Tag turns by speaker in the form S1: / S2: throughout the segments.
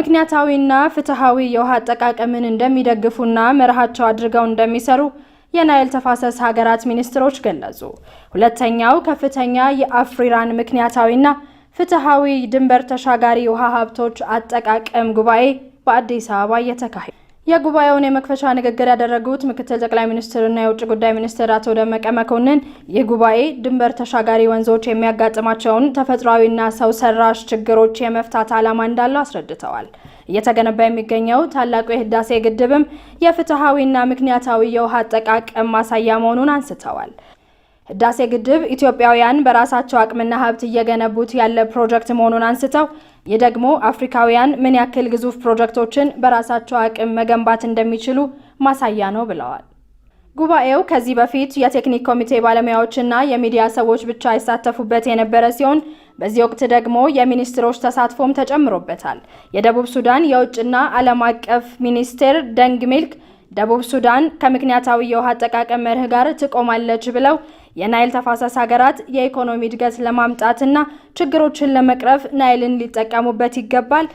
S1: ምክንያታዊና ፍትሐዊ የውሃ አጠቃቀምን እንደሚደግፉና መርሃቸው አድርገው እንደሚሰሩ የናይል ተፋሰስ ሀገራት ሚኒስትሮች ገለጹ። ሁለተኛው ከፍተኛ የአፍሪራን ምክንያታዊና ፍትሐዊ ድንበር ተሻጋሪ ውሃ ሀብቶች አጠቃቀም ጉባኤ በአዲስ አበባ እየተካሄደ የጉባኤውን የመክፈቻ ንግግር ያደረጉት ምክትል ጠቅላይ ሚኒስትርና የውጭ ጉዳይ ሚኒስትር አቶ ደመቀ መኮንን ይህ ጉባኤ ድንበር ተሻጋሪ ወንዞች የሚያጋጥማቸውን ተፈጥሯዊና ሰው ሰራሽ ችግሮች የመፍታት ዓላማ እንዳለው አስረድተዋል። እየተገነባ የሚገኘው ታላቁ የህዳሴ ግድብም የፍትሐዊና ምክንያታዊ የውሃ አጠቃቀም ማሳያ መሆኑን አንስተዋል። ህዳሴ ግድብ ኢትዮጵያውያን በራሳቸው አቅምና ሀብት እየገነቡት ያለ ፕሮጀክት መሆኑን አንስተው ይህ ደግሞ አፍሪካውያን ምን ያክል ግዙፍ ፕሮጀክቶችን በራሳቸው አቅም መገንባት እንደሚችሉ ማሳያ ነው ብለዋል። ጉባኤው ከዚህ በፊት የቴክኒክ ኮሚቴ ባለሙያዎችና የሚዲያ ሰዎች ብቻ ይሳተፉበት የነበረ ሲሆን በዚህ ወቅት ደግሞ የሚኒስትሮች ተሳትፎም ተጨምሮበታል። የደቡብ ሱዳን የውጭና ዓለም አቀፍ ሚኒስቴር ደንግ ሚልክ ደቡብ ሱዳን ከምክንያታዊ የውሃ አጠቃቀም መርህ ጋር ትቆማለች ብለው የናይል ተፋሰስ ሀገራት የኢኮኖሚ እድገት ለማምጣትና ችግሮችን ለመቅረፍ ናይልን ሊጠቀሙበት ይገባል።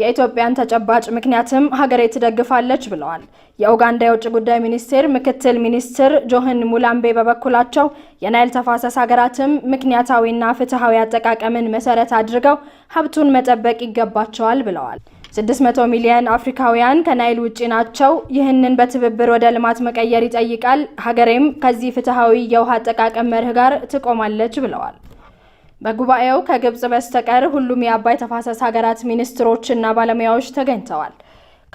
S1: የኢትዮጵያን ተጨባጭ ምክንያትም ሀገሬ ትደግፋለች ብለዋል። የኡጋንዳ የውጭ ጉዳይ ሚኒስቴር ምክትል ሚኒስትር ጆህን ሙላምቤ በበኩላቸው የናይል ተፋሰስ ሀገራትም ምክንያታዊና ፍትሐዊ አጠቃቀምን መሰረት አድርገው ሀብቱን መጠበቅ ይገባቸዋል ብለዋል። 600 ሚሊዮን አፍሪካውያን ከናይል ውጪ ናቸው። ይህንን በትብብር ወደ ልማት መቀየር ይጠይቃል። ሀገሬም ከዚህ ፍትሐዊ የውሃ አጠቃቀም መርህ ጋር ትቆማለች ብለዋል። በጉባኤው ከግብጽ በስተቀር ሁሉም የአባይ ተፋሰስ ሀገራት ሚኒስትሮችና ባለሙያዎች ተገኝተዋል።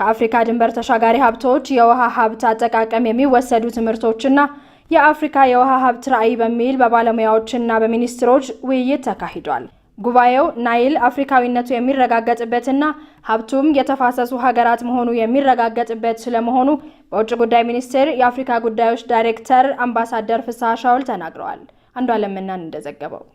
S1: ከአፍሪካ ድንበር ተሻጋሪ ሀብቶች የውሃ ሀብት አጠቃቀም የሚወሰዱ ትምህርቶችና የአፍሪካ የውሃ ሀብት ራዕይ በሚል በባለሙያዎችና በሚኒስትሮች ውይይት ተካሂዷል። ጉባኤው ናይል አፍሪካዊነቱ የሚረጋገጥበትና ሀብቱም የተፋሰሱ ሀገራት መሆኑ የሚረጋገጥበት ስለመሆኑ በውጭ ጉዳይ ሚኒስቴር የአፍሪካ ጉዳዮች ዳይሬክተር አምባሳደር ፍስሐ ሻውል ተናግረዋል። አንዷለም እናን እንደዘገበው